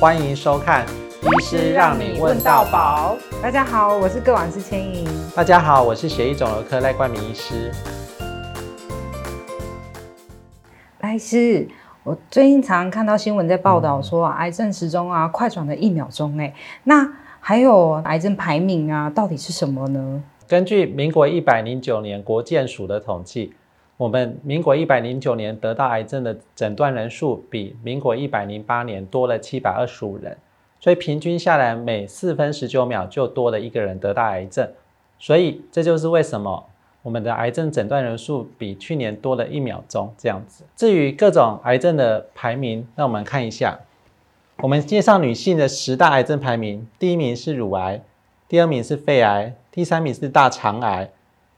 歡迎收看醫師讓你問到寶。大家好，我是個管師千盈。大家好，我是血液腫瘤科賴冠銘醫師。賴師，我最近常,常看到新聞在報道說癌症時鐘啊，嗯、快轉了一秒鐘。哎，那還有癌症排名啊，到底是什麼呢？根據民國一百零九年國健署的統計。我們民國一百零九年得到癌症的診斷人數，比民國一百零八年多了七百二十五人，所以平均下來每四分十九秒就多了一個人得到癌症，所以這就是為什麼我們的癌症診斷人數比去年多了一秒鐘這樣子。至於各種癌症的排名，讓我們看一下，我們介紹女性的十大癌症排名，第一名是乳癌，第二名是肺癌，第三名是大腸癌。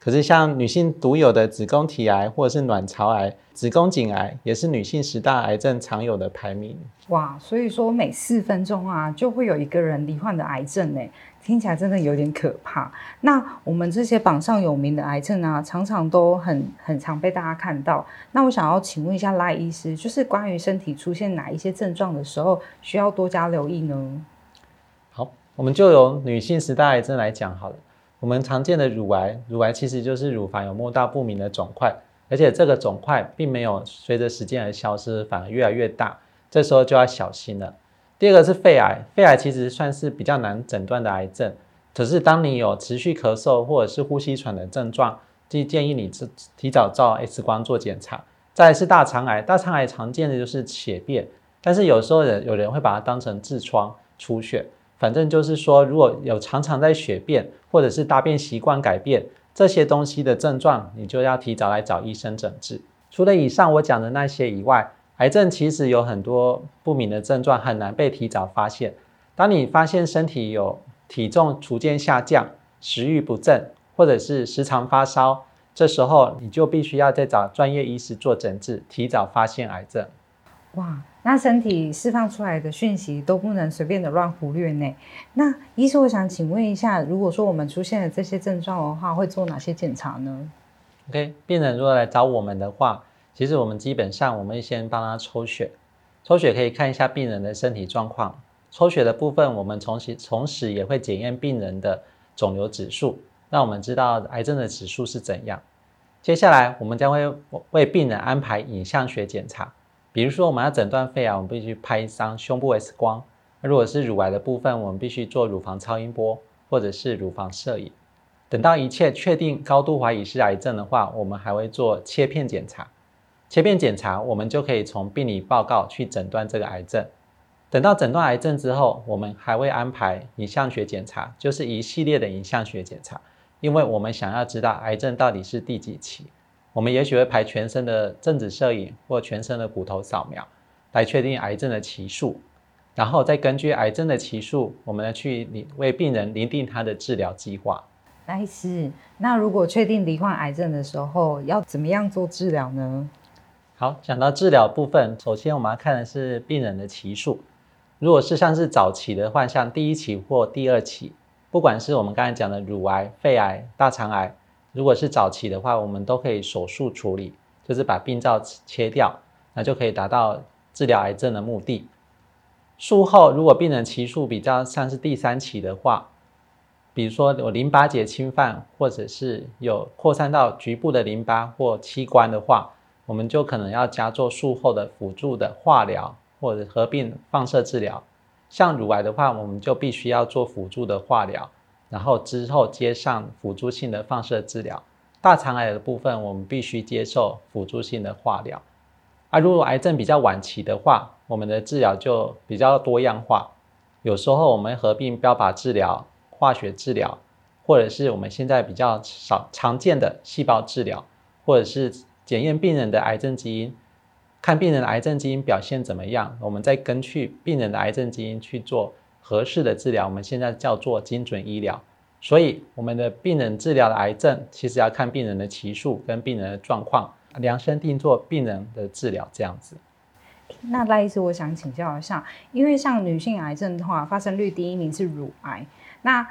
可是像女性獨有的子宮體癌或者是卵巢癌、子宮頸癌，也是女性十大癌症常有的排名。哇，所以說每四分鐘啊，就會有一個人罹患的癌症呢、欸，聽起來真的有點可怕。那我們這些榜上有名的癌症啊，常常都很很常被大家看到。那我想要請問一下賴醫師，就是關於身體出現哪一些症狀的時候，需要多加留意呢？好，我們就由女性十大癌症來講好了。我們常見的乳癌，乳癌其實就是乳房有摸到不明的腫塊，而且這個腫塊並沒有隨着時間而消失，反而越來越大，這時候就要小心了。第二個是肺癌，肺癌其實算是比較難診斷的癌症，可是當你有持續咳嗽或者是呼吸喘的症狀，就建議你提提早照 X 光做檢查。再來是大腸癌，大腸癌常見的就是血便，但是有時候人有人會把它當成痔瘡出血。反正就是說，如果有常常在血便或者是大便習慣改變這些東西的症狀，你就要提早來找醫生診治。除了以上我講的那些以外，癌症其實有很多不明的症狀，很難被提早發現。當你發現身體有體重逐漸下降、食慾不振，或者是時常發燒，這時候你就必須要再找專業醫師做診治，提早發現癌症。哇，那身體釋放出來的訊息都不能隨便的亂忽略呢。那醫生，我想請問一下，如果說我們出現了這些症狀的話，會做哪些檢查呢？OK，病人如果來找我們的話，其實我們基本上，我們先幫他抽血，抽血可以看一下病人的身體狀況。抽血的部分，我們同時同時也會檢驗病人的腫瘤指數，讓我們知道癌症的指數是怎樣。接下來，我們將會為病人安排影像學檢查。比如說，我們要診斷肺癌，我們必須拍一張胸部 X 光。那如果是乳癌的部分，我們必須做乳房超音波或者是乳房攝影。等到一切確定高度懷疑是癌症的話，我們還會做切片檢查。切片檢查，我們就可以從病理報告去診斷這個癌症。等到診斷癌症之後，我們還會安排影像學檢查，就是一系列的影像學檢查，因為我們想要知道癌症到底是第幾期。我們也許會排全身的正子攝影或全身的骨頭掃描，來確定癌症的期數，然後再根據癌症的期數，我們來去為病人擬定他的治療計劃。老師，那如果確定罹患癌症的時候，要怎麼樣做治療呢？好，講到治療部分，首先我們要看的是病人的期數。如果是像是早期的患，像第一期或第二期，不管是我們剛才講的乳癌、肺癌、大腸癌。如果是早期的話，我們都可以手術處理，就是把病灶切掉，那就可以達到治療癌症的目的。術後如果病人期數比較像是第三期的話，比如說有淋巴結侵犯，或者是有擴散到局部的淋巴或器官的話，我們就可能要加做術後的輔助的化療或者合併放射治療。像乳癌的話，我們就必須要做輔助的化療。然後之後接上輔助性的放射治療，大腸癌的部分我們必須接受輔助性的化療。而、啊、如果癌症比較晚期的話，我們的治療就比較多樣化。有時候我們合併標靶治療、化學治療，或者是我們現在比較少常見的細胞治療，或者是檢驗病人的癌症基因，看病人的癌症基因表現怎麼樣，我們再根據病人的癌症基因去做。合適的治療，我們現在叫做精準醫療。所以，我們的病人治療的癌症，其實要看病人的期數跟病人的狀況，量身定做病人的治療這樣子。那賴醫師，我想請教一下，因為像女性癌症的話，發生率第一名是乳癌。那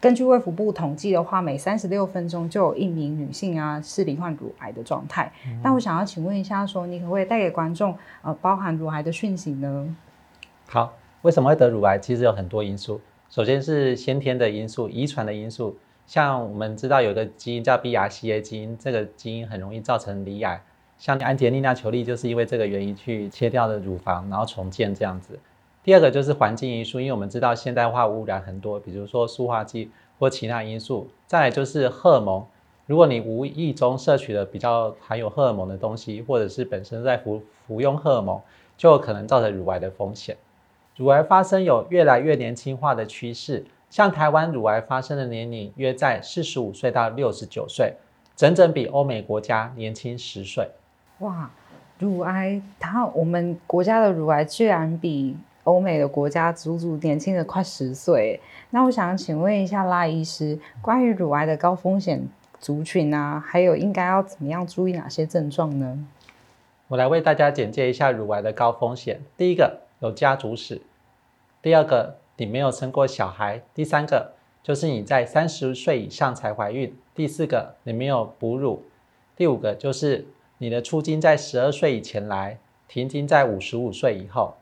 根據衛福部統計的話，每三十六分鐘就有一名女性啊是罹患乳癌的狀態。嗯、那我想要請問一下說，說你可不可以帶給觀眾呃，包含乳癌的訊息呢？好。為什麼會得乳癌？其實有很多因素，首先是先天的因素、遺傳的因素，像我們知道有個基因叫 BRCA 基因，這個基因很容易造成乳癌，像安潔莉娜裘莉就是因為這個原因去切掉乳房，然後重建這樣子。第二個就是環境因素，因為我們知道現代化污染很多，比如說塑化劑或其他因素。再來就是荷爾蒙，如果你無意中攝取了比較含有荷爾蒙的東西，或者是本身在服服用荷爾蒙，就有可能造成乳癌的風險。乳癌發生有越來越年輕化的趨勢，像台灣乳癌發生的年齡約在四十五歲到六十九歲，整整比歐美國家年輕十歲。哇，乳癌它我們國家的乳癌居然比歐美的國家足足年輕了快十歲。那我想請問一下賴醫師，關於乳癌的高風險族群啊，還有應該要怎麼樣注意哪些症狀呢？我來為大家簡介一下乳癌的高風險，第一個有家族史。第二個，你沒有生過小孩；第三個，就是你在三十歲以上才懷孕；第四個，你沒有哺乳；第五個，就是你的初經在十二歲以前來，停經在五十五歲以後；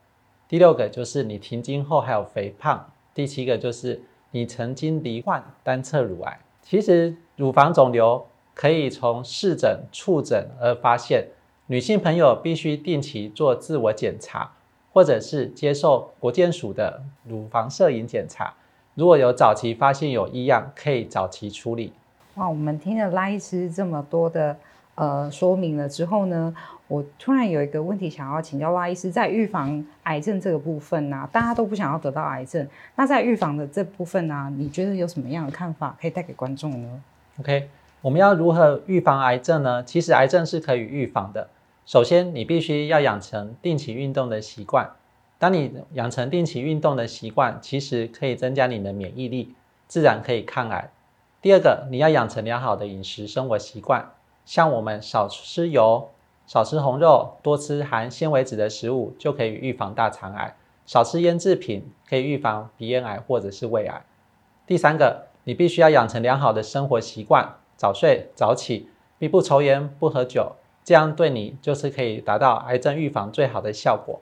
第六個，就是你停經後還有肥胖；第七個，就是你曾經罹患單側乳癌。其實，乳房腫瘤可以從視診、觸診而發現，女性朋友必須定期做自我檢查。或者是接受國健署的乳房攝影檢查，如果有早期發現有異樣，可以早期處理。哇，我們聽了賴醫師這麼多的呃說明了之後呢，我突然有一個問題想要請教賴醫師，在預防癌症這個部分啊，大家都不想要得到癌症，那在預防的這部分啊，你覺得有什麼樣的看法可以帶給觀眾呢？OK，我們要如何預防癌症呢？其實癌症是可以預防的。首先，你必須要養成定期運動的習慣。當你養成定期運動的習慣，其實可以增加你的免疫力，自然可以抗癌。第二個，你要養成良好的飲食生活習慣，像我們少吃油、少吃紅肉、多吃含纖維質的食物，就可以預防大腸癌；少吃醃製品，可以預防鼻咽癌或者是胃癌。第三個，你必須要養成良好的生活習慣，早睡早起，你不抽菸，不喝酒。這樣對你就是可以達到癌症預防最好的效果。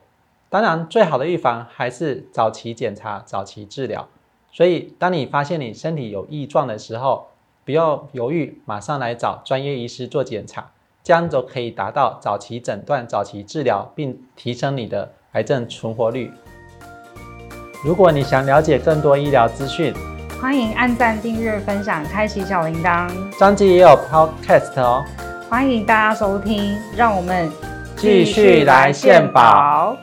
當然，最好的預防還是早期檢查、早期治療。所以，當你發現你身體有異狀的時候，不要猶豫，馬上來找專業醫師做檢查，這樣就可以達到早期診斷、早期治療，並提升你的癌症存活率。如果你想了解更多醫療資訊，歡迎按讚、訂閱、分享、開啟小鈴鐺。彰基也有 Podcast 哦。歡迎大家收聽，讓我們繼續來獻寶。